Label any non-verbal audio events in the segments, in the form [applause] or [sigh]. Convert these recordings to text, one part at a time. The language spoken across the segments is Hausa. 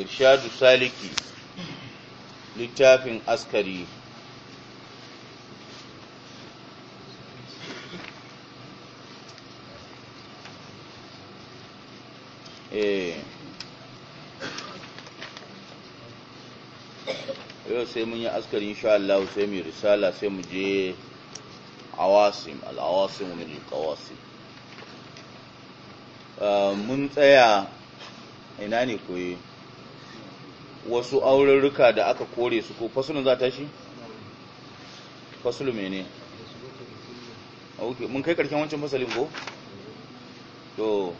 irshadu saliki littafin askari eh. yau sai mun yi askari insha Allah sai mu risala sai mu je awasim al-awasim min al eh, mun tsaya ina ne koyi wasu aururruka da aka kore su ko fasulun za ta shi? fasulun mene mun kai karshen wancan fasalin ko? to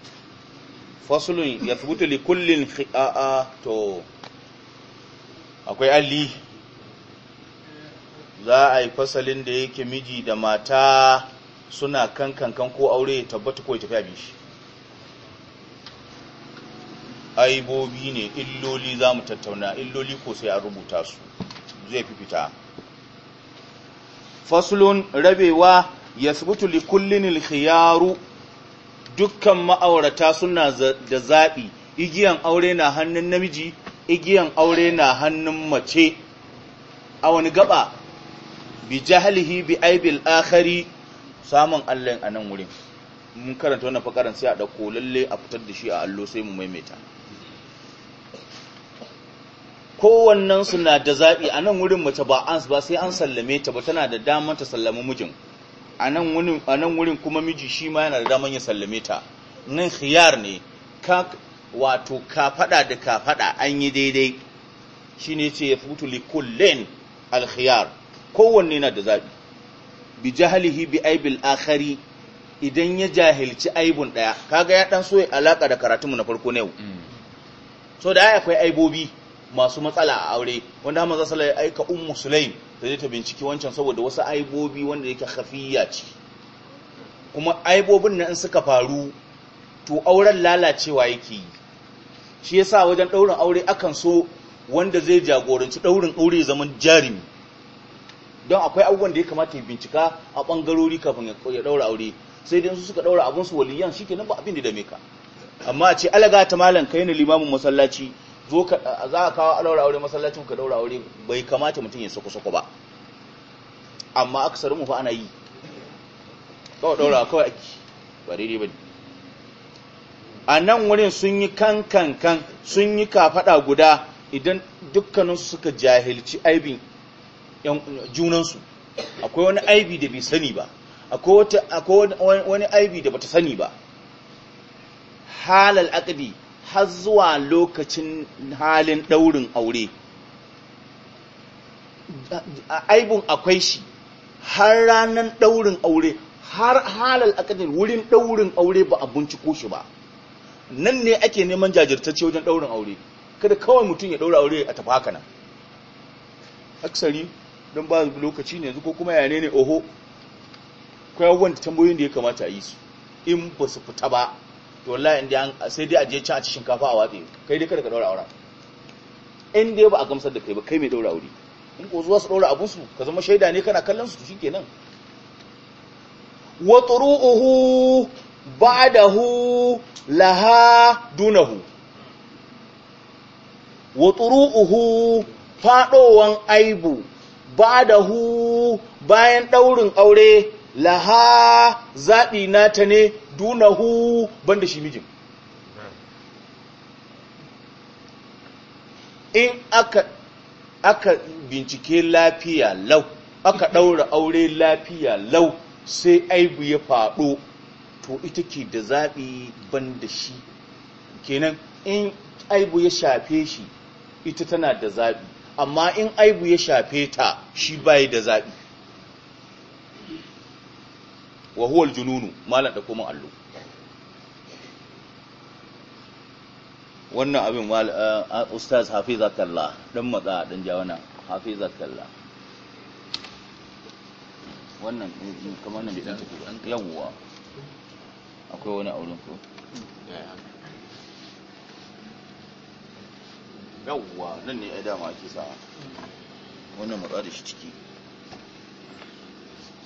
fasulun ya thubutu li kullin a'a to akwai alli za a yi fasalin da yake miji da mata suna kan kankan ko aure tabbata ko ya tafi abin shi aibobi ne illoli za mu tattauna illoli ko sai an rubuta su zai fi fita faslun rabewa ya sabutu li kullin dukkan ma'aurata suna da zaɓi igiyan aure na hannun namiji igiyan aure na hannun mace a wani gaba bi jahalihi bi aibil akhari samun Allah a nan wurin mun karanta wannan fakaran sai a dauko lalle a fitar da shi a allo sai mu maimaita kowannen su na da zaɓi a nan wurin mace ba an ba sai an sallame ta ba tana da damar ta sallama mijin a nan wurin kuma miji shi ma yana da damar ya sallame ta nan khiyar ne ka wato ka fada da ka fada an yi daidai Shi ne ce ya futu li kullin al khiyar kowanne na da zaɓi bi jahalihi bi aibil akhari idan ya jahilci aibun daya kaga ya dan soya ya alaka da karatunmu na farko ne mm. so da akwai aibobi masu matsala a aure wanda Hamza sallallahu ya aika ummu sulaim da ta binciki wancan saboda wasu aibobi wanda yake khafiyya ce kuma aibobin nan suka faru to auren lalacewa yake yi shi yasa wajen daurin aure akan so wanda zai jagoranci daurin aure zaman jarimi don akwai abubuwan da ya kamata ya bincika a bangarori kafin ya daura aure sai dai su suka daura abun su waliyan shikenan ba abin da dame ka amma a ce alaga ta malam kai ne limamin masallaci zo ka za ka kawo alaura aure masallacin ka daura aure bai kamata mutum ya sako-sako ba amma aksarin mu fa ana yi kawai daura kawai ake bari ne ba a nan wurin sun yi kan kan sun yi kafaɗa guda idan dukkaninsu suka jahilci aibin junansu akwai wani aibi da bai sani ba akwai wani aibi da bata sani ba halal aqdi har zuwa lokacin halin ɗaurin aure aibun akwai shi har ranar ɗaurin aure har halal akadin wurin ɗaurin aure ba a binciko shi ba nan ne ake neman jajirtacce wajen ɗaurin aure kada kawai mutum ya ɗaura aure a tafi haka nan aksari don ba lokaci ne yanzu ko kuma yane ne oho wanda tambayoyin da ya kamata a yi su in ba su fita ba to wallahi inda sai dai a je can a ci shinkafa a watsi kai dai kada ka daura aura in dai ba a gamsar da kai ba kai mai daura aure in ko zuwa su daura abun su ka zama shaida ne kana kallon su to shikenan wa turuhu ba'dahu laha dunahu wa turuhu fadowan aibu ba'dahu bayan daurin aure laha zaɓi nata ne dunahu banda shi mijin in aka aka bincike lafiya lau aka ɗaura aure lafiya lau sai aibu ya faɗo to ita ke da zaɓi banda shi kenan in aibu ya shafe shi ita tana da zaɓi amma in aibu ya shafe ta shi bai da zaɓi wa huwa aljununu malan da kuma allo wannan abin mal eh, eh, ustaz hafizatullah dan matsa dan jawana hafizatullah wannan eh, kamar nan da take yawwa akwai wani aurin ko yawwa nan ne ai dama ake sa wannan matsa da shi ciki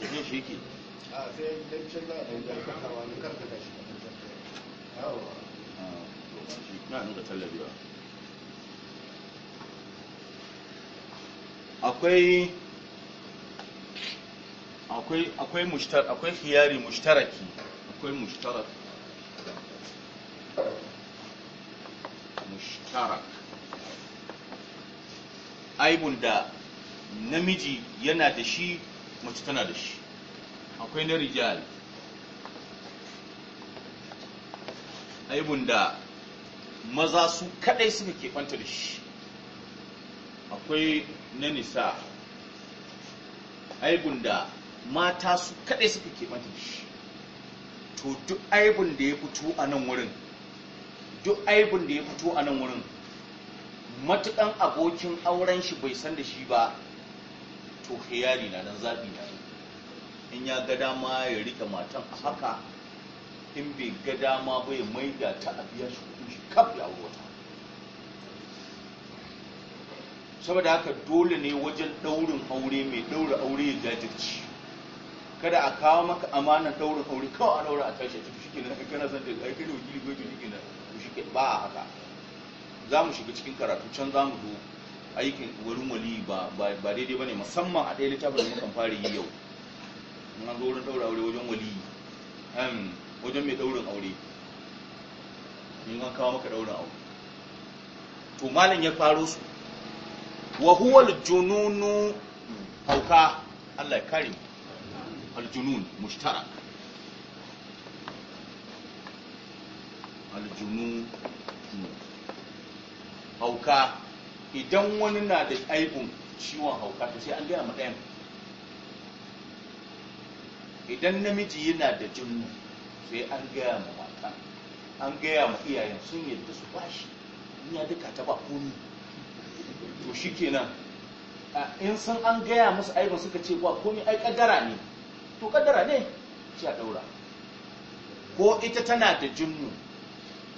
da jin shi yake a sai da da ah, shi na nuna akwai mushtar akwai khiyari mushtaraki akwai mushtarak mushtarak aibun da namiji yana da shi mace tana da shi akwai na rijal aibun da maza su kadai suka keɓanta da shi akwai na nisa aibun da mata su kadai suka keɓanta da shi to duk aibun da ya fito a nan wurin duk aibun da ya fito a nan wurin matukan abokin auren shi bai san da shi ba to khiyari na nan zaɓi na in ya ga dama ya rike matan a haka in bai ga dama ba ya maida ta a biya shi kudin shi kaf ya wata saboda haka dole ne wajen ɗaurin aure mai ɗaura aure ya jajirci kada a kawo maka amana ɗaurin aure kawai a ɗaura a tashi a shi kenan in kana son ta aiki da wakili ko shi kenan ba a haka za mu shiga cikin karatu can za mu zo aikin wurin wali ba ba daidai bane musamman a ɗaya littafin da mukan fara yi yau na zo wurin ɗaura aure wajen wali wajen mai ɗaurin aure in an kawo maka ɗaurin aure to malam ya faro su wa huwa aljununu hauka Allah ya kare aljunun mushtara aljunun hauka idan wani na da aibun ciwon hauka sai an gaya ma ɗayan idan namiji yana da jinnu sai an gaya ma mata an gaya ma iyayen sun yadda su bashi in ya duka ta ba komi to shi kenan in sun an gaya musu aibun suka ce ba komi ai kaddara ne to kaddara ne sai a daura ko ita tana da jinnu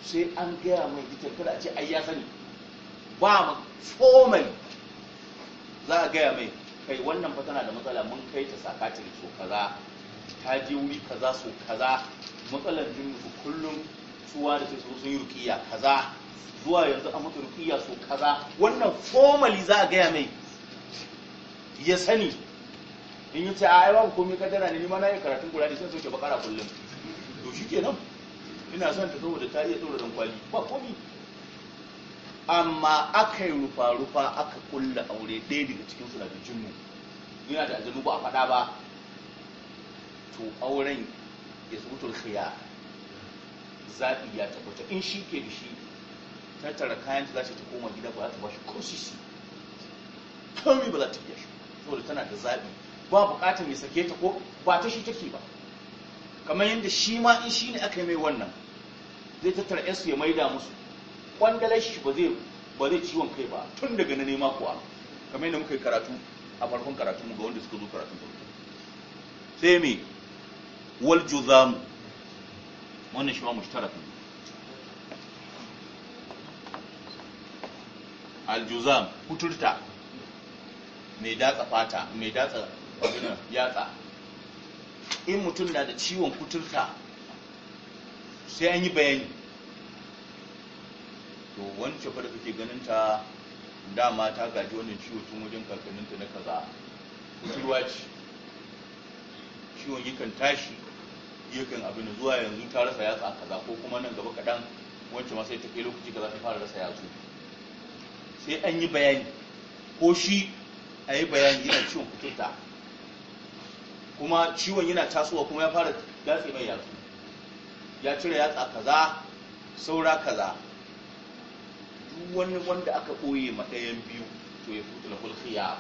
sai an gaya mai ita kada a ce ai ya sani ba mu tsomai za a gaya mai kai wannan fa tana da matsala mun kai ta sakatiri so kaza ta je wuri kaza so kaza matsalar jinnufu kullum suwa da sai sun yi rukiya kaza zuwa yanzu a mata rukiya so kaza wannan formally za a gaya mai ya sani in yi ce a ai babu komai kaddara ne ni na yi karatun kurani sai soke bakara kullum to nan ina son ta saboda ta iya tsoron kwali ba komi. amma aka yi rufa-rufa aka kulla aure ɗaya daga cikin su jinnu yana da aljanu ba a faɗa ba to auren ya zubutul khiya zaɓi ya tabbata in shi ke da shi tattara kayan za ta koma gida ba za ta ba shi ko kawai ba za ta iya shi saboda tana da zaɓi ba buƙatar ya sake ta ko ba ta shi take ba kamar yadda shi ma in shi ne aka yi mai wannan zai tattara yansu ya maida musu kwandalar shi ba zai ba zai ciwon kai ba tun daga na nema kuwa kamar yadda muka yi karatu a farkon karatu mu ga wanda suka zo karatu. ba sai me wal juzamu wannan shi ma mushtarak ne al juzam kuturta mai datsa fata mai datsa yatsa in mutum na da ciwon kuturta sai an yi bayani to wancan fa da kake ganin ta dama ta gaji wannan ciwo tun wajen kakanninta na kaza kusurwa ce ciwon yakan tashi yakan abin zuwa yanzu ta rasa yatsa kaza ko kuma nan gaba kaɗan wancan ma sai ta kai lokaci kaza ta fara rasa yatsu sai an yi bayani ko shi a yi bayani yana ciwon fitinta kuma ciwon yana tasowa kuma ya fara datse mai yatsu ya cire yatsa kaza saura kaza duk wani wanda aka ɓoye ma biyu to ya futu na khiyar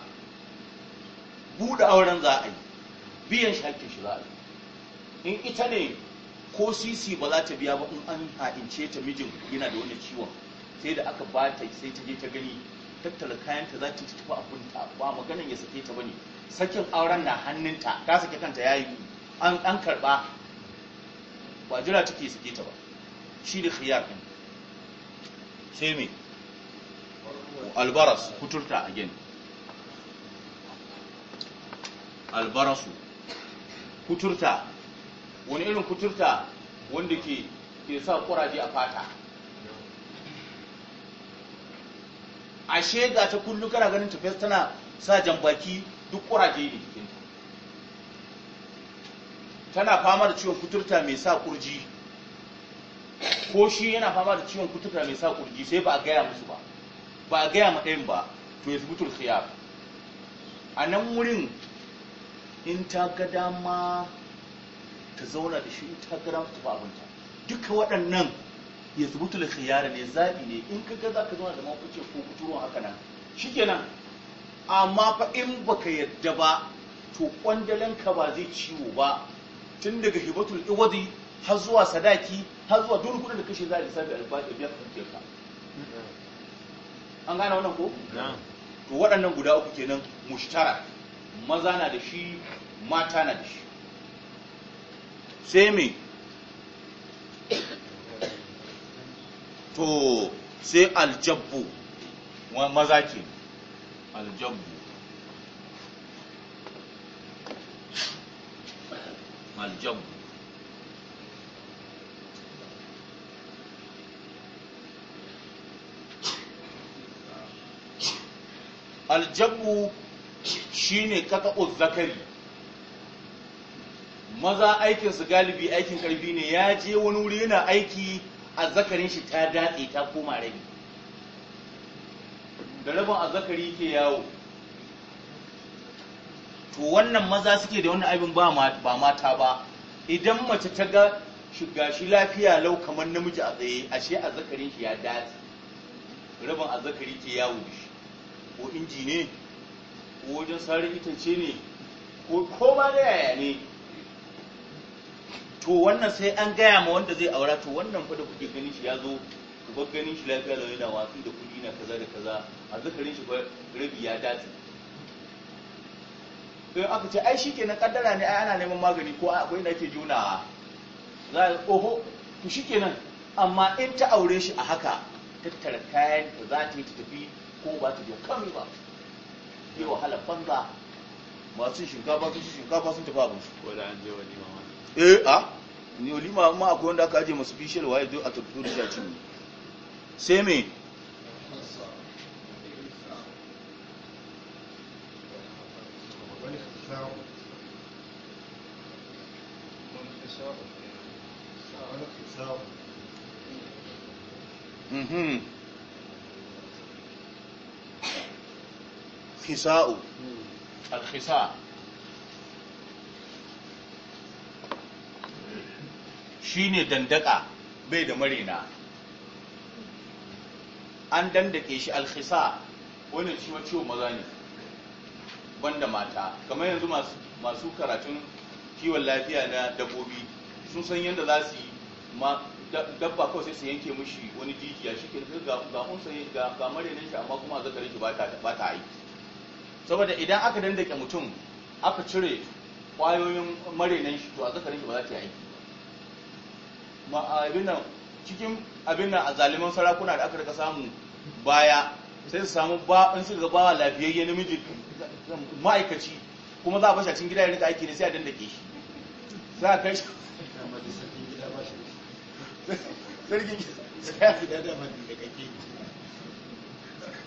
buɗe auren za a yi biyan shi hakkin shi za a yi in ita ne ko sisi ba za ta biya ba in an ha'ince ta mijin yana da wani ciwon sai da aka ba ta sai ta je ta gani tattala kayanta za ta tafi abunta ba maganin ya sake ta bane sakin auren na hannunta ta sake kanta yi an an karba ba jira take sake ta ba shi da khiyar sai me albaras kuturta again albarasu kuturta wani irin kuturta wanda ke ke sa kuraje a fata ashe ga ta kullu kana ganin tafiya tana sa jambaki duk kuraje ne jikinta tana fama da ciwon kuturta mai sa kurji ko shi yana fama da ciwon kuturta mai sa kurji sai ba a gaya musu ba ba a gaya ma ba to ya zubutul khiyar a nan wurin in ta ga dama ta zauna da shi in ta ga dama ta tafi abinta duka waɗannan ya zubutul khiyar ne zaɓi ne in ka ga za ka zauna da mafice ko kuturon haka nan shikenan amma fa in ka yadda ba to ƙwandalenka ba zai ciwo ba tun daga hibatul iwadi har zuwa sadaki har zuwa duk kudin da kashe za a lissafi albashi biyar kan ka an gane wannan ko to waɗannan guda uku kenan mushtara maza na da shi mata na da shi sai me to sai aljabbu maza ke aljabbu aljabbu aljabu shine qat'u zakari maza aikin su galibi aikin karbi ne ya je wani wuri yana aiki a zakarin shi ta datse ta koma rabi da rabin zakari ke yawo to wannan maza suke da wannan abin ba mata ba idan mace ta ga shiga shi lafiya lau kamar namiji a tsaye ashe zakarin shi ya datse rabin zakari ke yawo shi ko inji ne ko wajen sarin itace ne ko ba da yaya ne to wannan sai an gaya ma wanda zai aura to wannan fa da kuke ganin shi ya zo ku ganin shi lafiya da yana watsi da kudi na kaza da kaza a zakarin shi rabi ya dace in aka ce ai ke na kaddara ne ai ana neman magani ko akwai da ake junawa za a oho to shikenan amma in ta aure shi a haka tattara kayan da za ta yi ta tafi ko ba ta biya kami ba yi wahala banza masu shinkafa sun shinkafa sun tafi abin ko da an je walima ma eh a ah, ni walima ma akwai wanda aka aje masu bishiyar waye duk a tafi da shi sai me Mm-hmm. alkhisa'u alkhisa shine dandaka bai da marena an dandake shi alkhisa wani shi ciwo maza ne banda mata kamar yanzu masu karatun kiwon lafiya na dabbobi sun san yadda za su yi dabba kawai sai su yanke mushi wani jijiya shi ke ga unsa ga mare ne shi amma kuma a zakarin shi ba ta aiki saboda idan aka dandake mutum aka cire kwayoyin marainan shi to a zakarin shi ba za ta yi aiki ma abin nan cikin abin nan a zaliman sarakuna da aka rika samu baya sai su samu ba in su ga bawa lafiyayye namiji ma'aikaci kuma za a bashi a cikin gida ya rika aiki ne sai a dandake shi za a kai shi sarkin gida da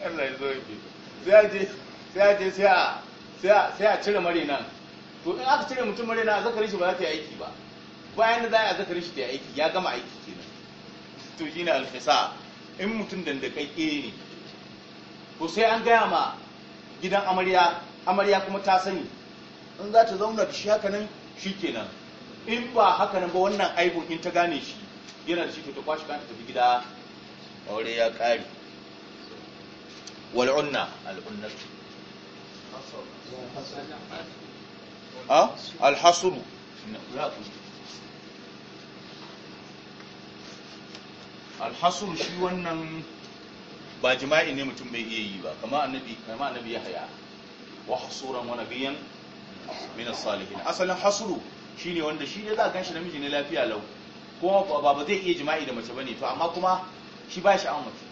Allah ya zo sai a je sai a je sai a cire mare nan to in aka cire mutum mare nan azzakari shi ba za ta yi aiki ba bayan da za a yi azzakari shi ta yi aiki ya gama aiki kenan to shi ne alfisa in mutum dandakakke ne to sai an gaya ma gidan amarya amarya kuma ta sani in za ta zauna da shi haka nan shi kenan in ba haka nan ba wannan aibun in ta gane shi yana da shi ta kwashi kanta tafi gida aure ya ƙare wal'unna al'unnatu alhasuru alhasuru shi wannan ba jima'i ne mutum bai iya yi ba kama annabi kama annabi yahya wa hasuran wa nabiyyan min as-salihin asalin hasuru shine wanda shi ne za ka ganshi namiji ne lafiya lau kuma ba ba zai iya jima'i da mace bane to amma kuma shi ba sha'awar mace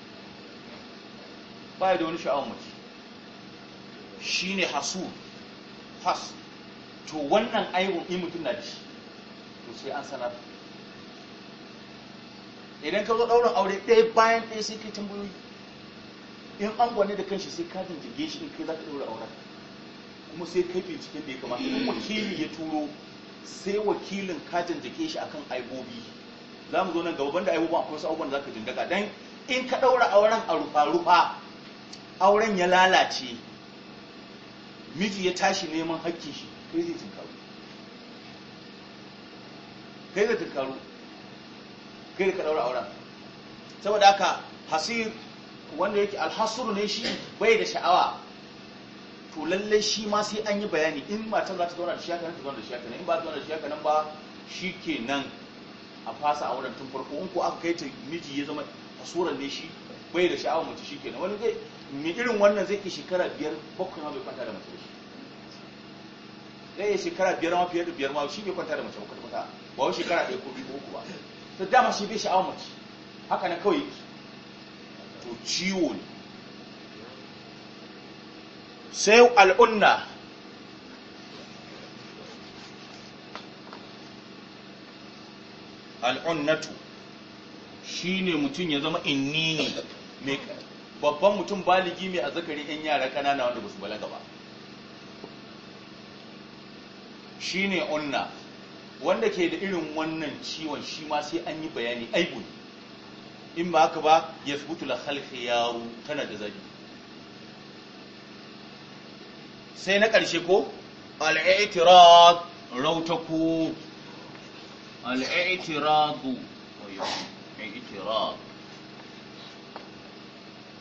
ba da wani sha'awar mace Shi ne hasu has to wannan aibun in mutum na dashi to sai an sanar idan ka zo ɗaurin aure ɗaya bayan ɗaya sai kai tambayoyi in an gwane da kanshi sai ka jinjige shi in kai za ka ɗaura auren kuma sai kai binciken da ya kamata in wakili ya turo sai wakilin ka jinjige shi akan aibobi za mu zo nan gaba banda aibobin akwai wasu abubuwan da za ka jindaga dan in ka ɗaura auren a rufa-rufa auren ya lalace miji ya tashi neman hakkin shi kai zai tunkaru kai zai tunkaru kai da ka daura auren saboda haka hasir wanda yake alhasuru ne shi bai da sha'awa to lallai shi ma sai an yi bayani in matan za ta zauna da shi nan ta zauna da shi nan in ba ta zauna da shi nan ba shi ke nan a fasa a wurin tun farko in ko aka kai ta miji ya zama hasuran ne shi bai da sha'awa mace shi ke nan wani zai mai irin wannan zai ke shekara biyar bakwai ma bai kwanta da mace shi zai yi shekara biyar ma fiye da biyar ma shi bai kwanta da mace bakwai kwata ba wai shekara ɗaya ko biyu ko uku ba ta dama shi bai sha'awar mace haka na kawai yake to ciwo ne sai al'unna al'unnatu shi ne mutum ya zama inni ne babban mutum baligi mai zakari yan yara kanana wanda ba su balaga ba Shi ne unna wanda ke da irin wannan ciwon shi ma sai an yi bayani aibu in ba haka ba ya fi la halki yaro tana da zabi sai na ƙarshe ko al'aitirat rautaku al'aitiratu al'aitiratu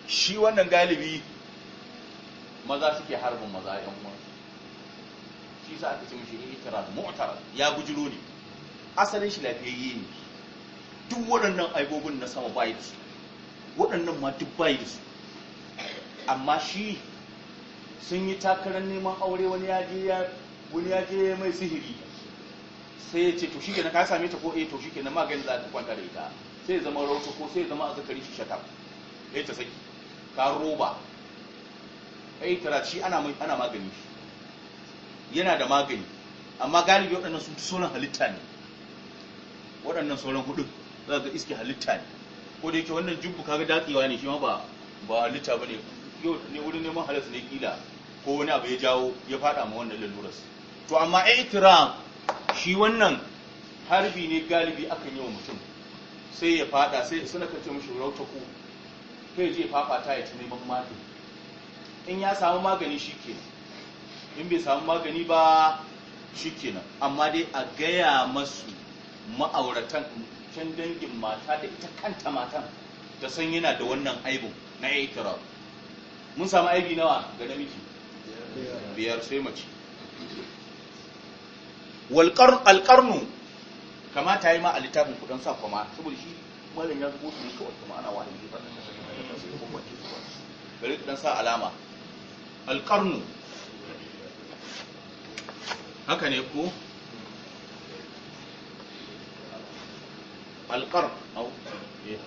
shi wannan galibi maza suke harbin maza a uwansu shi sa aka ce mishi tara. mu'tarad ya bujiro ne asalin shi lafiyayye ne duk waɗannan aibobin na sama bayi da su waɗannan ma duk bayi da su amma shi sun yi takarar neman aure wani ya je wani ya je mai sihiri sai ya ce to shi kenan ka same ta ko eh to shi kenan magani za ka kwanta da ita sai ya zama rauta ko sai ya zama zakari shi shakam ya ta saki Ka roba ai yi ana ana magani yana da magani amma galibi waɗannan sun sauran halitta ne waɗannan sauran hudu za ga iske halitta ne ko da yake wannan jubu kaga datsewa ne shi ma ba ba halitta bane yau ne wurin neman halas ne kila ko wani abu ya jawo ya fada ma wannan laluras to amma i'tiram shi wannan harbi ne galibi akan yi wa mutum sai ya fada sai suna kace mishi rautaku kai je fafata ya ci neman magani in ya samu magani shi in bai samu magani ba shi amma dai a gaya masu ma'auratan can dangin mata da ita kanta matan ta san yana da wannan aibin na ikirar mun samu aibi nawa ga namiji biyar sai mace alƙarnu kamata ya yi ma a littafin kudan sa kwama saboda shi malam ya zubo su ne kawai kuma ana wahayi ba bari dan sa alama alƙarnu haka ne ko au eh,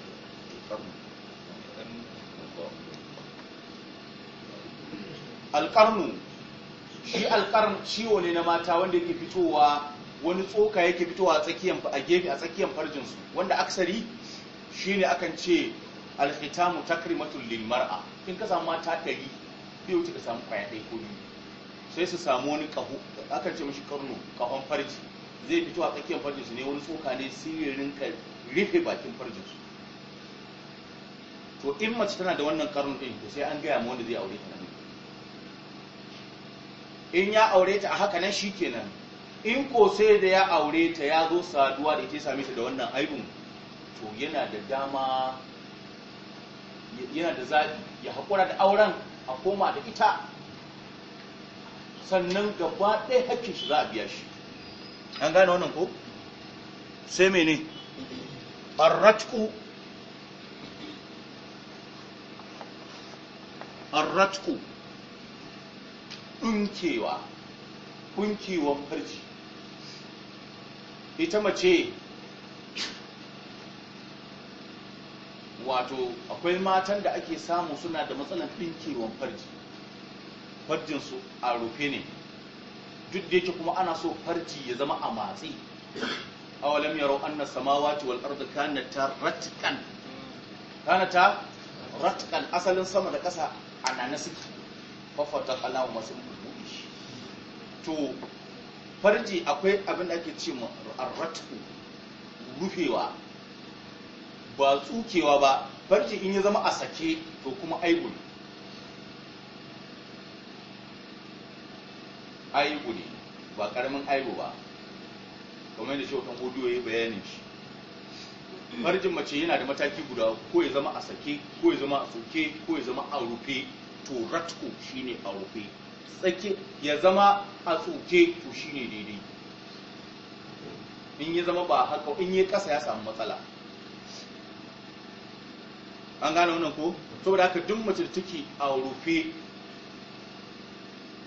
alƙarnu shi alƙarn ciwo ne na mata wanda yake fitowa wani tsoka yake fitowa a tsakiyar farjin su, wanda aksari shi ne akan ce alkhitamu takrimatul lil mar'a kin ka samu mata ɗari bai wuce ka samu kwaya ɗaya ko biyu sai su samu wani kaho akan ce mishi karno kahon farji zai fito a tsakiyar farjin su ne wani tsoka ne sirrin ka rufe bakin farjin su to in mace tana da wannan karno ɗin to sai an gaya ma wanda zai aure ta nan in ya aure ta a haka nan shikenan in ko sai da ya aure ta ya zo saduwa da ita ya same ta da wannan aibun to yana da dama yana da zaɓi ya haƙura da auren a koma da ita sannan gaba ɗaya haƙƙin shi za a biya shi an gane wannan ko sai mene arratku arratku ɗunkewa ɗunkewan farji ita mace wato akwai matan da ake samu suna da matsalar ɗinkewan farji farjinsu a rufe ne duk da yake kuma ana so farji ya zama a matsi walam yaro anna samawati wal ardu kanata ratqan kanata ratqan asalin sama da ƙasa anana suke fafata kalamu masu buɗe to farji akwai abin da ake ce ma rufewa ba tsukewa ba farce in ya zama a sake to kuma aibu ne aibu ne ba karamin aibu ba kamar da shokan odiyo ya bayanin shi farjin mace yana da mataki guda ko ya zama a sake ko ya zama a tsoke ko ya zama a rufe to ratko shine a rufe tsake ya zama a tsoke to shine daidai in ya zama ba haka in ya kasa ya samu matsala an gane wannan ko saboda haka duk mace da take a rufe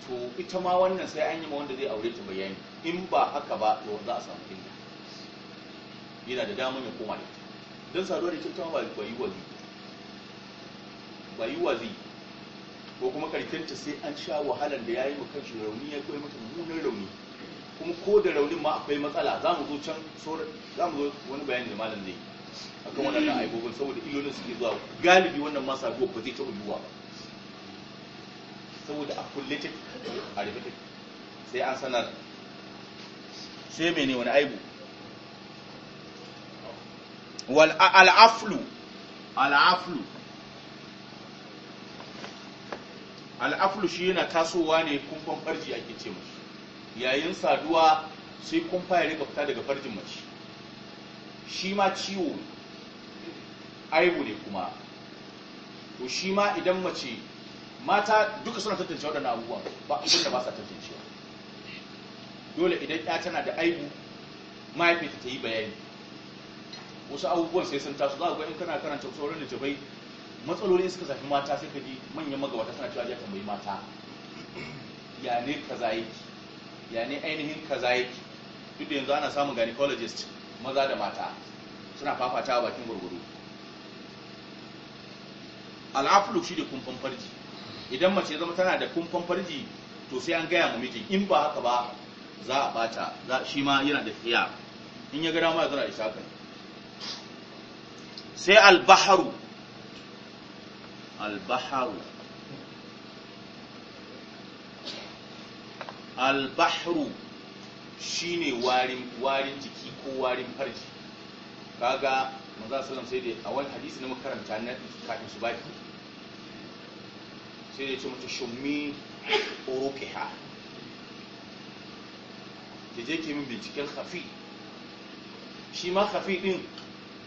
to ita ma wannan sai an yi ma wanda zai aure ta bayani in ba haka ba to za a samu inda yana da damar ya koma da ita don saduwa da ita ba ba yi wazi ba yi wazi ko kuma karkinta sai an sha wahalar da ya yi maka shi rauni ya koyi mata munar rauni kuma ko da raunin ma akwai matsala za mu zo can za mu zo wani bayani da malam zai yi akan waɗannan aibobin saboda su ke zuwa galibi wannan masa go ba zai taɓa yiwuwa saboda a kulle take a rufe sai an sanar sai mene wani aibu al'aflu al'aflu al'aflu shi yana tasowa ne kumfan farji ake ce mashi yayin saduwa sai kumfa ya rika fita daga farjin mashi shi ma ciwo aibu ne kuma to shi ma idan mace mata duka suna tattance waɗanda abubuwan ba abinda ba sa tantancewa dole idan ya tana da aibu mahaifinta ta yi bayani wasu abubuwan sai sun taso za a in kana karanta sauran littafai matsaloli suka zafi mata sai ka ji manyan magabata suna cewa ya tambayi mata ya ne kaza yake ya ne ainihin kaza yake duk da yanzu ana samun gynecologist maza da mata suna fafata bakin gurguru al'aflu shi da kumfan farji idan mace zama tana da kumfan farji to sai an gaya ma miji in ba haka ba za a bata shi ma yana da fiya in ya ga ma zara isa kai sai albaharu albaharu. albaharu shine warin warin jiki ko warin farji kaga maza su sai dai a wani hadisi na makaranta na kafin su baki sai dai ce mata shummi ha ke je ke min binciken hafi shi ma hafi din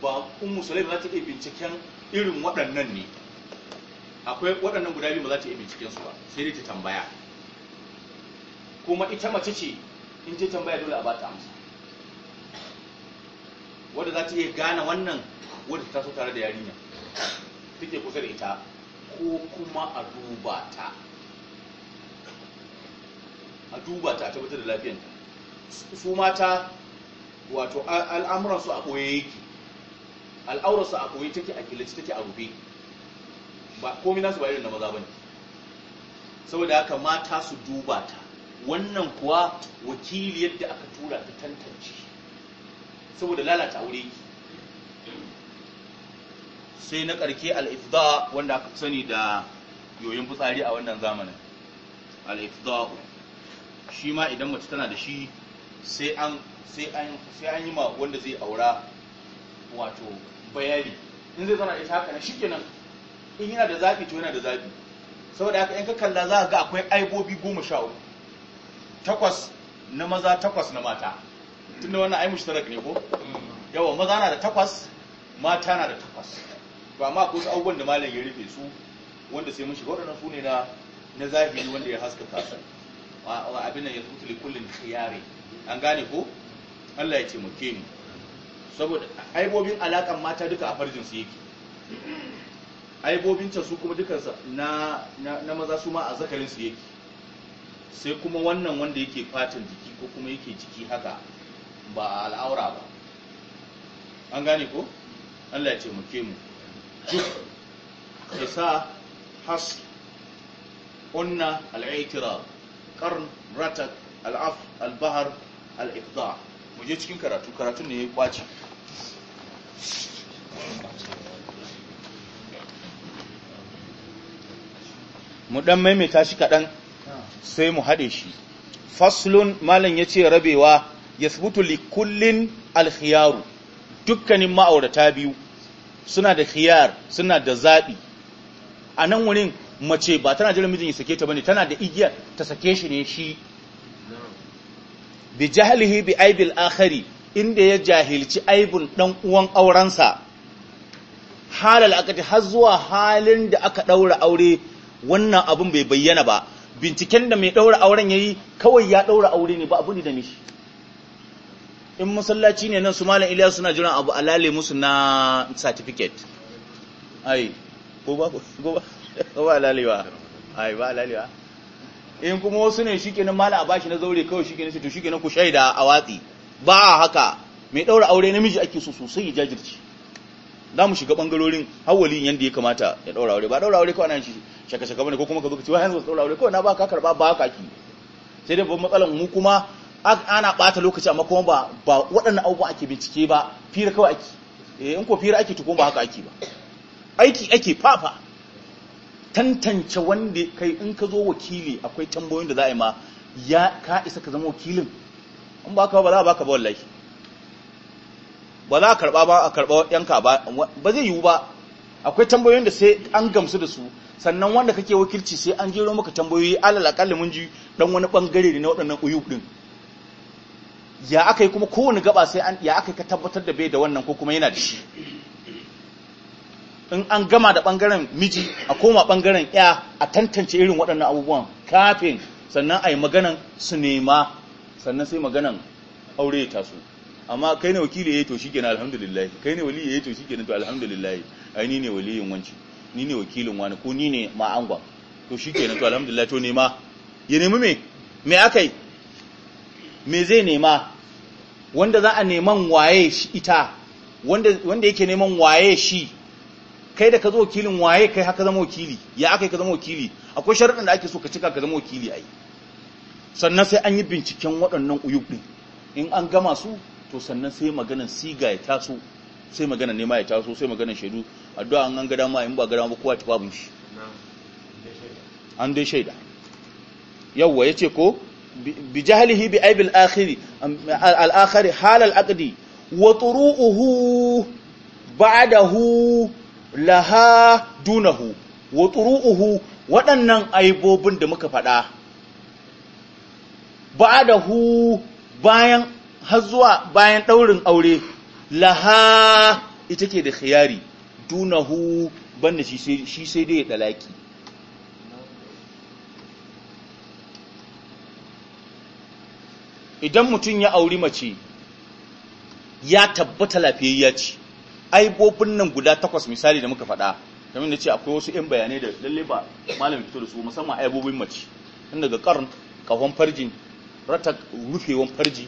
ba musulai ba za ta iya binciken irin waɗannan ne akwai waɗannan guda biyu ba za ta iya binciken su ba sai dai ta tambaya kuma ita mace ce in ce baya dole a ba ta amsa wadda za ta iya gane wannan wadda ta so tare da yarinya take kusa da ita ko kuma a duba ta a duba ta tabbatar da lafiyanta su mata wato al'amuran su a ɓoye yake su a ɓoye take a kilace take a rufe ba komi nasu ba irin na maza ba ne saboda haka mata su duba ta wannan kuwa wakili yadda aka tura ta tantance saboda lalata aure sai na karke al’ifda wanda aka sani da yoyin fitsari a wannan zamanin al’ifda shi ma idan mace tana da shi sai an yi ma wanda zai aura wato bayani in zai zana ita haka na nan. in yana da zafi to yana da zafi saboda haka in ka kalla za a ga akwai aibobi goma sha uku takwas na maza takwas na mata Tun tunda wannan ai mushtarak ne ko yawa maza na da takwas mata na da takwas ba ma kusa su abubuwan da malam ya rufe su wanda sai mun shiga waɗannan su ne na na zahiri wanda ya haskaka su abin nan ya zuku li kullin yare. an gane ko Allah ya taimake mu saboda aibobin alakan mata duka a farjin su yake aibobin can su kuma dukansa na na maza su ma a zakarin su yake sai kuma wannan wanda yake fatan jiki ko kuma yake jiki haka ba a al'aura ba an gane ko allah ya taimake mu ya sa has unna al'aitira karn ratak al'af albahar al'ifda mu je cikin karatu karatu ne ya kwaci mu dan maimaita shi kaɗan sai mu haɗe shi faslun malam ya ce rabewa ya sabutu likullin alkhiyaru dukkanin ma'aurata biyu suna da khiyar suna da zaɓi a nan wurin mace ba tana jiran mijin ya sake ta bane tana da igiya ta sake shi ne shi bi jahilihi bi aibil akhari inda ya jahilci aibun dan uwan aurensa halal akati har zuwa halin da aka ɗaura aure wannan abun bai bayyana ba binciken da mai ɗaura auren ya yi kawai ya ɗaura aure ne ba abu ne da mishi in masallaci ne nan su malam iliyar suna jiran abu alale musu na certificate ai ko ba ko ba alalewa ai ba alalewa in kuma wasu ne shi kenan malam a bashi na zaure kawai shi kenan to shi kenan ku shaida a watsi ba haka mai ɗaura aure namiji ake so sosai ya jajirce za mu shiga ɓangarorin hawalin yadda ya kamata ya ɗaura aure ba ɗaura aure kawai nan shi shaka shaka bane ko kuma ka zo ka ce wa yanzu daura aure ko na baka karba ba baka ki sai dai babban matsalan mu kuma ana bata lokaci amma kuma ba ba waɗannan abubuwa ake bincike ba fira kawai ake eh in ko fira ake to kuma ba haka ake ba aiki ake fafa tantance wanda kai in ka zo wakili akwai tambayoyin da za a yi ma ya ka isa ka zama wakilin in ba ka ba za a baka ba wallahi ba za a karba ba a karba yanka ba ba zai yiwu ba akwai tambayoyin da sai an gamsu da su sannan wanda kake wakilci sai an jero maka tambayoyi alal akalla mun ji dan wani bangare ne na waɗannan uyu din ya aka yi kuma kowane gaba sai an ya aka ka tabbatar da bai da wannan ko kuma yana da shi in an gama da bangaren miji a koma bangaren ya a tantance irin waɗannan abubuwan kafin sannan a yi maganan su nema sannan sai maganan aure ya taso amma kai ne wakili ya eh yi to shi kenan alhamdulillah kai ne wali ya eh yi to shi kenan to alhamdulillah aini ne waliyin wanci ni ne wakilin wani ko ni ne ma angon to kenan to alhamdulillah to nema ya nemi me me yi me zai nema wanda za a neman waye shi ita wanda wanda yake neman waye shi kai da ka zo wakilin waye kai haka zama wakili ya yi ka zama wakili akwai sharuɗin da ake so ka cika ka zama wakili ai sannan sai an yi binciken waɗannan uyub in an gama su to sannan sai maganar siga ya taso sai magana ne ma ya taso sai magana shaidu addu'a an an gada ma in ba gada ba kowa babu shi an dai shaida yawwa yace ko bi jahlihi bi aibil akhiri al akhari hal al aqdi wa turu'uhu ba'dahu laha dunahu wa turu'uhu waɗannan aibobin da muka faɗa ba'dahu bayan har zuwa bayan daurin aure laha ita ke da khiyari dunahu banda shi sai dai ya dalaki idan mutum ya auri mace ya tabbata lafiyayya ce aibobin nan guda takwas misali da muka faɗa kamar da ce akwai wasu 'yan bayanai da lalle ba malam fito da su musamman aibobin mace tun daga karn kahon farjin rata rufewan farji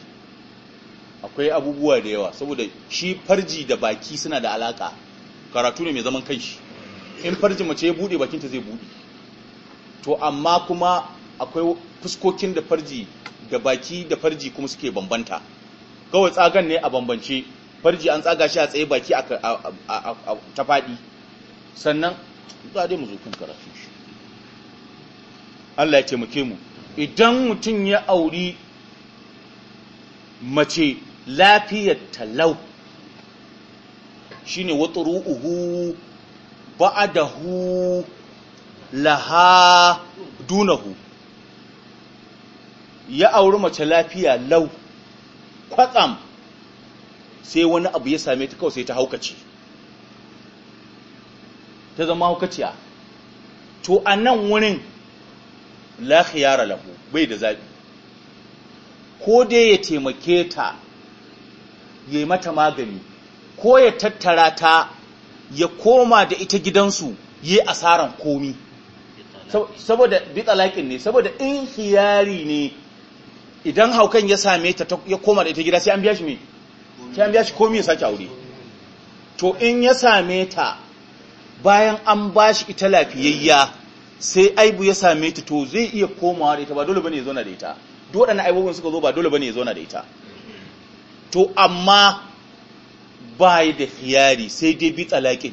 akwai abubuwa da yawa saboda shi farji da baki suna da alaka karatu ne mai zaman kanshi in farji mace ya bude bakinta zai bude to amma kuma akwai fuskokin da farji da baki da farji kuma suke bambanta kawai tsagan ne a bambance farji an tsaga shi a tsaye baki a ta faɗi sannan za dai mu zo kan karatu shi Allah ya taimake mu idan mutum ya auri mace lafiyar talau shine ru'uhu ba'adahu laha dunahu ya auri mace lafiya lau kwatsam sai wani abu ya same ta kawai sai ta haukace ta zama haukaciya to a nan wurin la bai da zaɓi. ko dai ya taimake ta ya yi mata magani ko ya tattara ta ya koma da ita gidansu ya yi asaran komi saboda bitsalakin ne saboda in hiyari ne idan haukan ya same ta ya koma da ita gida sai an biya shi ne sai an biya shi komi ya sake aure to in ya same ta bayan an ba shi ita lafiyayya sai aibu ya same ta to zai iya komawa da ita ba dole ne ya zauna da ita duk waɗannan aibobin suka zo ba dole ne ya zauna da ita to amma ba da khiyari sai dai bi tsalaƙin,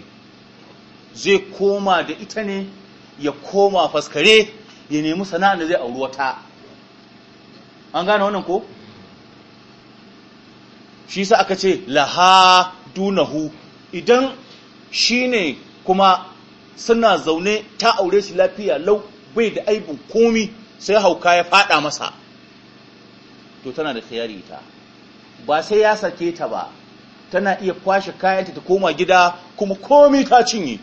zai koma da ita ne ya koma faskare ya nemi sana'a da zai auri wata an gane wannan ko shi sa aka ce laha dunahu idan shi ne kuma suna zaune ta aure shi lafiya lau bai da aibin komi sai hauka ya fada masa to tana da khiyari ta ba sai ya sake ta ba tana iya kwashe kayanta ta koma gida kuma komi ta cinye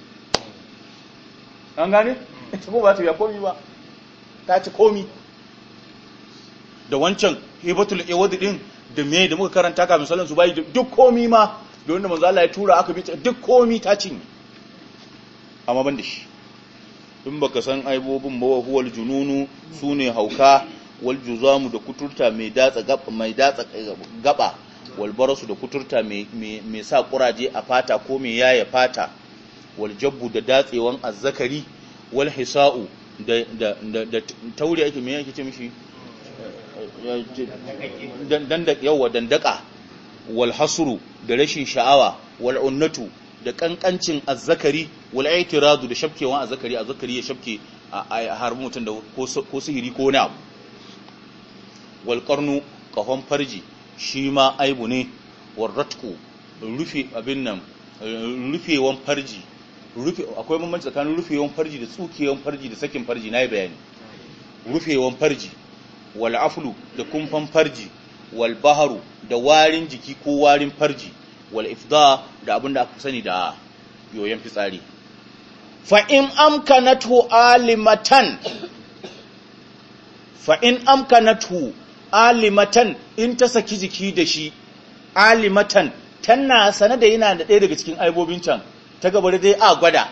an gane? ita ko ba ta biya komi ba ta ci komi da wancan hibatul iwadi din da me da muka karanta kafin sallan su bayi duk komi ma da wanda manzo ya tura aka bice. duk komi ta cinye amma ban da shi in baka san aibobin ba huwal jununu su ne hauka wal juzamu da kuturta mai datsa gaba mai datsa gaba wal barasu da kuturta mai mai sa kuraje a fata ko mai yaya fata wal jabbu da datsewan azzakari wal hisa'u da da da tauri ake me yake ce mishi dandaka yawa dandaka wal hasru da rashin sha'awa wal unnatu da kankancin azzakari wal aitiradu da shafkewan azzakari azzakari ya shafke a harbi mutum da ko sihiri ko wani abu wal ƙahon farji shi ma aibu ne warratku rufe abin nan rufewan farji rufe akwai bambanci tsakanin rufewan farji da tsukewan farji da sakin farji na yi bayani rufewan farji wal aflu da kumfan farji wal baharu da warin jiki ko warin farji wal ifda da da aka sani da yoyon fitsari fa in amkanatu alimatan fa in amkanatu alimatan in ta saki jiki da shi alimatan tana sane da yana da ɗaya daga cikin aibobin can ta gabar dai a gwada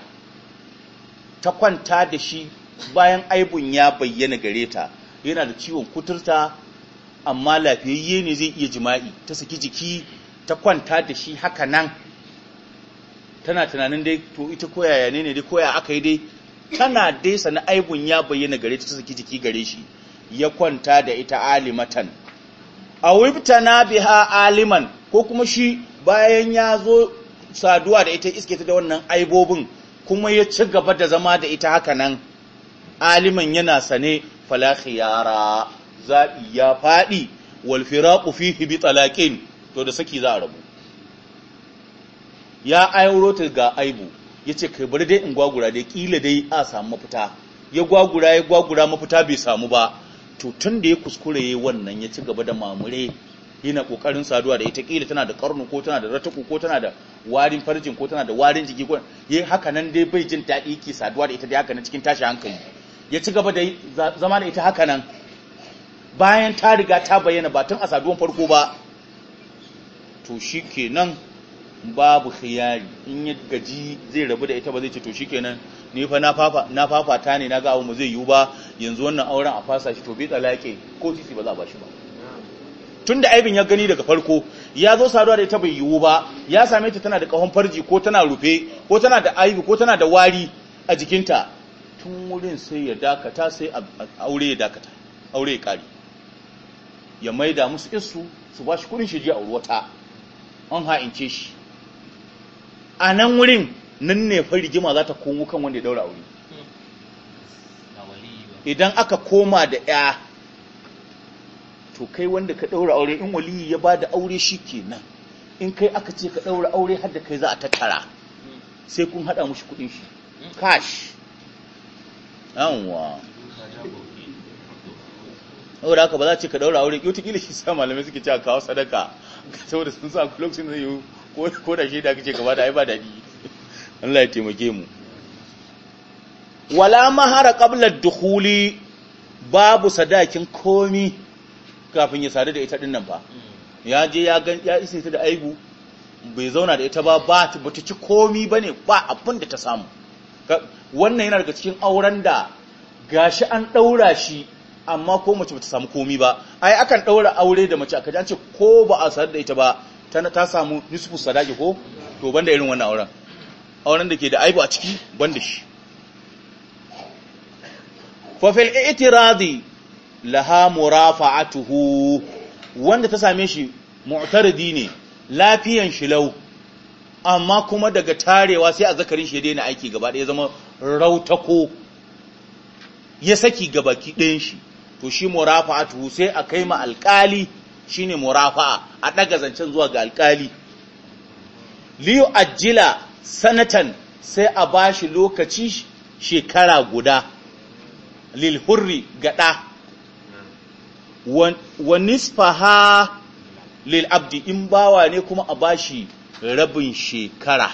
ta kwanta da shi bayan aibun ya bayyana gare ta yana da ciwon kuturta amma lafiyayye ne zai iya jima'i ta saki jiki ta kwanta da shi haka nan tana tunanin dai to ita koyaya ne ne dai koya aka yi dai tana dai sana aibun ya bayyana gare ta saki jiki gare shi ya kwanta da ita alimatan A na biha aliman ko kuma shi bayan ya zo saduwa da ita iske ta da wannan aibobin kuma ya ci gaba da zama da ita hakanan. aliman yana sane fala yara zabi ya fadi wal firaqu fihi bi to da saki za a rabu ya auro ta ga aibu yace kai bari dai in gwagura dai kila dai a samu mafita ya gwagura ya gwagura mafita bai samu ba to tun da ya kuskure yi wannan ya ci gaba da mamure yana kokarin saduwa da ita kila tana da karnu ko tana da rataku ko tana da warin farjin ko tana da warin jiki ko yayi haka nan dai bai jin daɗi ki saduwa da ita da haka nan cikin tashi hankali ya ci gaba da zama da ita haka nan bayan ta riga ta bayyana ba tun a saduwan farko ba to shi shikenan babu khiyari in ya gaji zai rabu da ita ba zai ce to shikenan ni fa na ta ne na ga abu mu zai yiwu ba yanzu wannan auren a fasa shi to bai tsalake ko sisi ba za a bashi ba tunda aibin ya gani daga farko ya zo saduwa da ita bai yiwu ba ya same ta tana da kahon farji ko tana rufe ko tana da aibi ko tana da wari a jikinta tun wurin sai ya dakata sai aure ya dakata aure ya kare ya maida musu isu su bashi shi kudin shi je a wata an ha'ince shi a nan wurin nan ne fa rigima za ta komo kan wanda ya daura aure idan aka koma da ya to kai wanda ka daura aure in waliyi ya ba da aure shi kenan in kai aka ce ka daura aure har da kai za a tattara sai kun hada mushi kudin shi cash yawwa saboda haka ba za a ce ka daura aure yau ta kila shi sa malamai suke a kawo sadaka saboda sun sa lokacin zai yi ko da shi da kace gaba da ai ba dadi Allah ya taimake mu wala mahara qabla dukhuli babu sadakin komi kafin ya sadu da ita dinnan nan ba ya je ya gan ya isa ta da aibu bai zauna da ita ba ba ta ci komi bane ba abin da ta samu wannan yana daga cikin auren da gashi an daura shi amma ko mace bata samu komi ba ai akan daura aure da mace aka an ce ko ba a sadu da ita ba ta samu nisfu sadaki ko to banda irin wannan auren auren da ke da aibu a ciki banda shi fa fil i'tiradi laha murafa'atuhu wanda ta same shi mu'taridi ne lafiyan shi lau amma kuma daga tarewa sai a zakarin shi ya daina aiki gaba ɗaya zama rautako ya saki gabaki ɗin shi to shi murafa'atuhu sai a kai ma alƙali shine murafa'a a daga zancen zuwa ga alkali liyu ajila sanatan sai a bashi lokaci shekara guda lil hurri gada wa nisfaha lil abdi in bawa ne kuma a bashi rabin shekara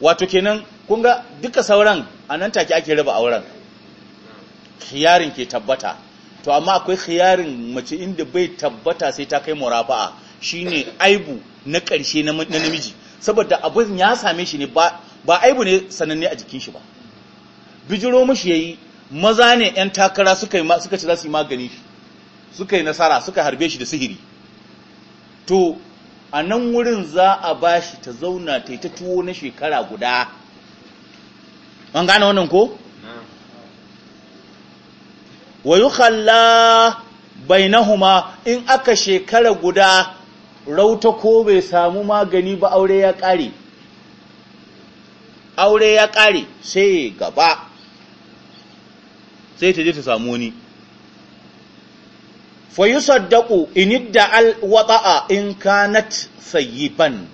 wato kenan kun ga duka sauran a nan take ake raba auren khiyarin ke tabbata to amma akwai khiyarin mace inda bai tabbata sai ta kai murafa'a shine aibu na ƙarshe na namiji saboda abin ya same shi ne ba aibu ne sananne a jikin shi ba bijiro mushi yayi maza ne yan takara suka yi suka ci za su yi magani shi suka yi nasara suka harbe shi da sihiri to a nan wurin za a bashi ta zauna ta yi ta tuwo na shekara guda an gane wannan ko wa yukhalla bainahuma in aka shekara guda rauta ko bai samu magani ba aure ya ƙare aure ya kare sai gaba sai ta je ta samu wani fa yusaddaqu al wata'a in kanat sayyiban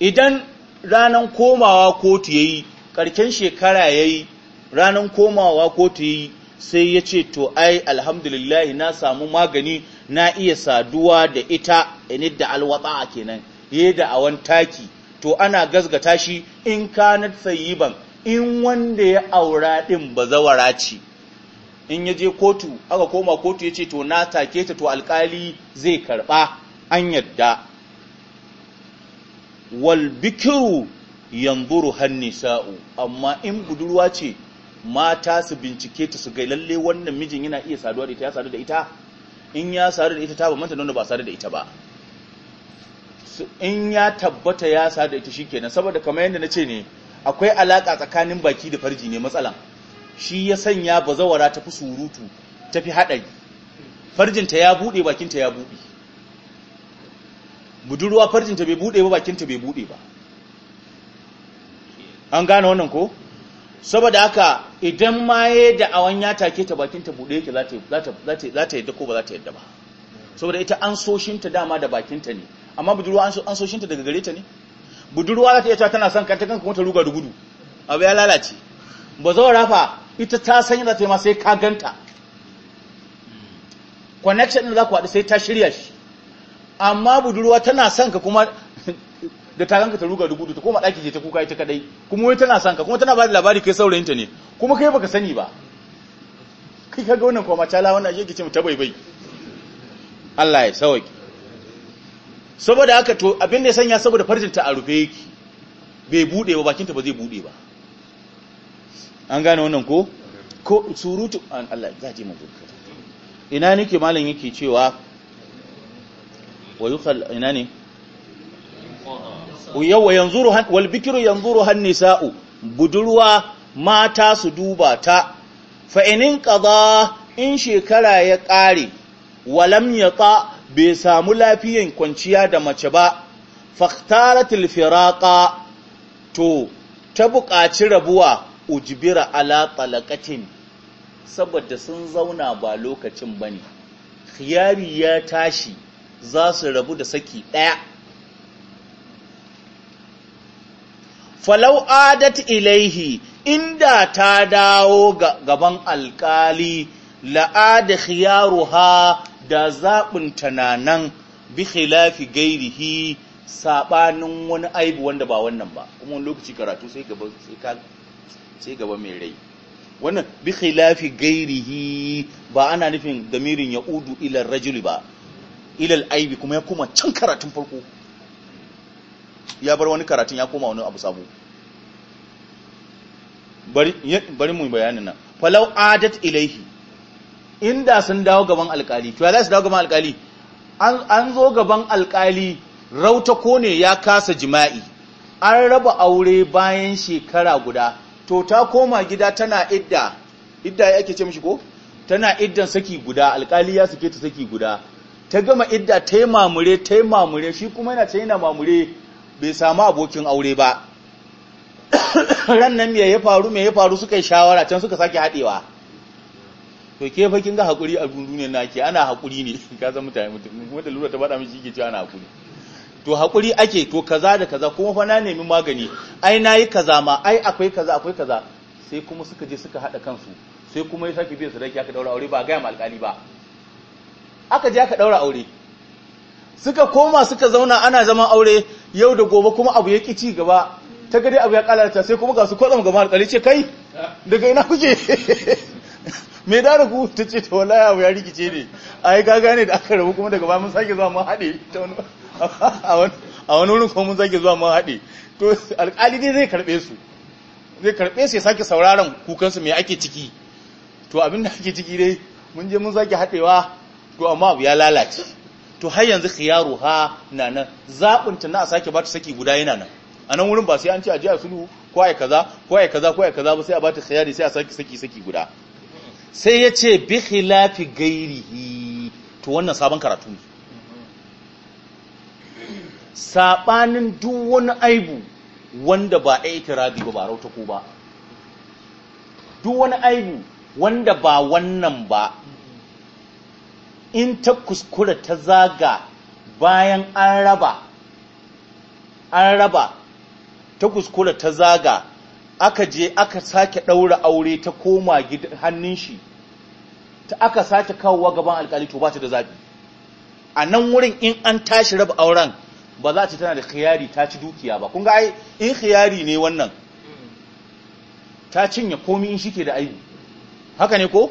idan ranan komawa kotu yayi karken shekara yayi ranan komawa kotu yayi sai ya ce to ai alhamdulillahi na samu magani na iya saduwa da ita inid da a kenan ya da awan taki to ana gazgata shi in sayi ban. in wanda ya aura ɗin ba zawara ce in ya je kotu aka koma kotu ya ce to na take ta to alkali zai karɓa. an yadda wal bikiru yanzuru hannisa'u amma in budurwa ce mata su bincike ta su ga lalle wannan mijin yana iya saduwa da ita ya sadu da ita in ya sadu da ita ta ba manta nuna ba sadu da ita ba in ya tabbata ya sadu da ita shikenan saboda kamar yadda na ce ne akwai alaka tsakanin baki da farji ne matsalan shi ya sanya bazawara ta fi surutu ta fi haɗari farjinta ya buɗe bakinta ya buɗe budurwa farjinta bai buɗe ba bakinta bai buɗe ba an gane wannan ko? saboda haka idan ma ya da awan ya take ta bakin ta bude yake za ta yadda ko ba za ta yadda ba saboda ita an soshinta dama da bakin ta ne amma budurwa an soshinta daga gare ta ne budurwa za ta iya ta tana son kanta kanka kuma ta ruga da gudu abu ya lalace ba zo rafa ita ta sanya za ta yi ma sai ka ganta connection din za ku haɗu sai ta shirya shi amma budurwa tana son ka kuma da ta ranka ta ruga gudu ta koma daki je ta kuka ita kadai kuma wai tana sanka kuma tana ba da labari kai saurayinta ne kuma kai baka sani ba kai kaga wannan kuma cala wannan shi kice mu baibai Allah ya sauki saboda haka to abin da ya sanya saboda ta a rufe yake bai bude ba bakinta ba zai bude ba an gane wannan ko ko surutu an Allah za ji mu ina nake malam yake cewa wa yukhal ina ne yawa yanzuru han wal bikru yanzuru han nisa'u budurwa mata su duba ta fa inin qada in shekara ya kare walam yata bai samu lafiyan kwanciya da mace ba faktaratul firaqa to ta buƙaci rabuwa ujbira ala talaqatin saboda sun zauna ba lokacin bane khiyari ya tashi za su rabu da saki ɗaya falau adat ilaihi inda ta dawo gaban alkali la'ada ha da zaɓin tunanan bi khilafi gairihi saɓanin wani aibu wanda ba wannan ba kuma wani lokaci karatu sai gaba sai gaba mai rai wannan bi khilafi gairihi ba ana nufin damirin ya udu ilal rajuli ba ilal aibi kuma ya kuma can karatun farko ya bar wani karatun ya koma wani abu sabo bari mu bayanin nan falau adat ilaihi inda sun dawo gaban alkali to ya za su dawo gaban alkali an zo gaban alkali rauta ko ne ya kasa jima'i an raba aure bayan shekara guda to ta koma gida tana idda idda yake ce mishi ko tana iddan saki guda alkali ya suke ta saki guda ta gama idda ta yi mamure ta yi mamure shi kuma yana ta na mamure bai samu abokin aure ba [coughs] ran nan me ya faru me ya faru suka yi shawara can suka sake haɗewa to ke fa kin ga hakuri a duniyar nake ana hakuri ne [laughs] ka san mutane mutum kuma da lura ta bada miki yake cewa ana hakuri to hakuri ake to kaza da kaza kuma fa na nemi magani ai nayi kaza ma ai akwai kaza akwai kaza sai kuma suka je suka hada kansu sai kuma ya sake biyan sadaki aka daura aure ba ga ma alƙali ba aka je aka daura aure suka koma suka zauna ana zaman aure yau da gobe kuma abu ya ci gaba ta gade abu ya kalata sai kuma gasu su kwatsam gaba alƙali ce kai daga ina kuke [laughs] me dara ku ta ce ta wala ya rikice ne a yi gaga ne da aka rabu kuma daga baya sake zuwa mun haɗe [laughs] a wani wurin kuma mun sake zuwa mun haɗe to alƙali ne zai karɓe su zai karɓe su ya sake sauraron kukansu mai ake ciki to abin da ake ciki dai mun je mun sake haɗewa to amma abu ya lalace to har yanzu khiyaru ha na nan na a sake bata saki guda yana nan anan nan wurin ba sai an ce a ji a sulhu ko ai kaza ko ai kaza ko ai kaza ba sai a ba ta khiyari sai a saki saki saki guda sai ya ce bi khilafi gairihi to wannan sabon karatu ne sabanin duk wani aibu wanda ba a itirabi ba ba ba duk wani aibu wanda ba wannan ba in ta kuskura ta zaga bayan an raba an raba ta kuskura ta zaga aka je aka sake ɗaura aure ta koma hannun shi ta aka sake kawowa gaban alkali to ba ta da zaɓi a nan wurin in an tashi raba auren ba za ta tana da khiyari ta ci dukiya ba kun ga ai in khiyari ne wannan ta cinye komi in shike da aibi haka ne ko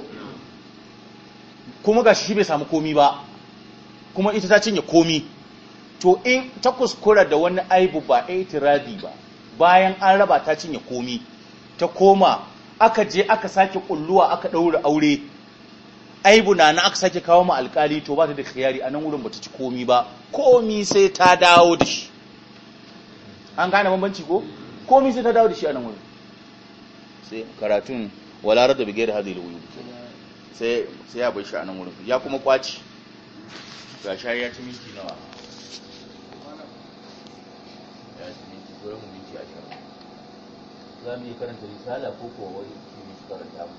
kuma ga shi bai samu komi ba kuma ita ta cinye komi to in ta kuskura da wani aibu ba itirabi ba bayan an raba ta cinye komi ta koma aka je aka sake kulluwa aka daura aure aibu na na aka sake kawo ma alkali to ba ta da khiyari anan wurin ba ta ci komi ba komi sai ta dawo da shi an gane bambanci ko komi sai ta dawo da shi anan wurin sai karatun wala rada bigayar hadhihi alwuyub sai sai ya bai shi a nan wurin ya kuma kwaci ga shayi ya ci minti nawa ya ci minti tsoron mu minti ashirin za mu yi karanta risala ko kuwa wani shi ne karanta mu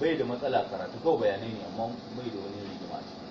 bai da matsala karatu kawai bayanai ne amma bai da wani rigima ce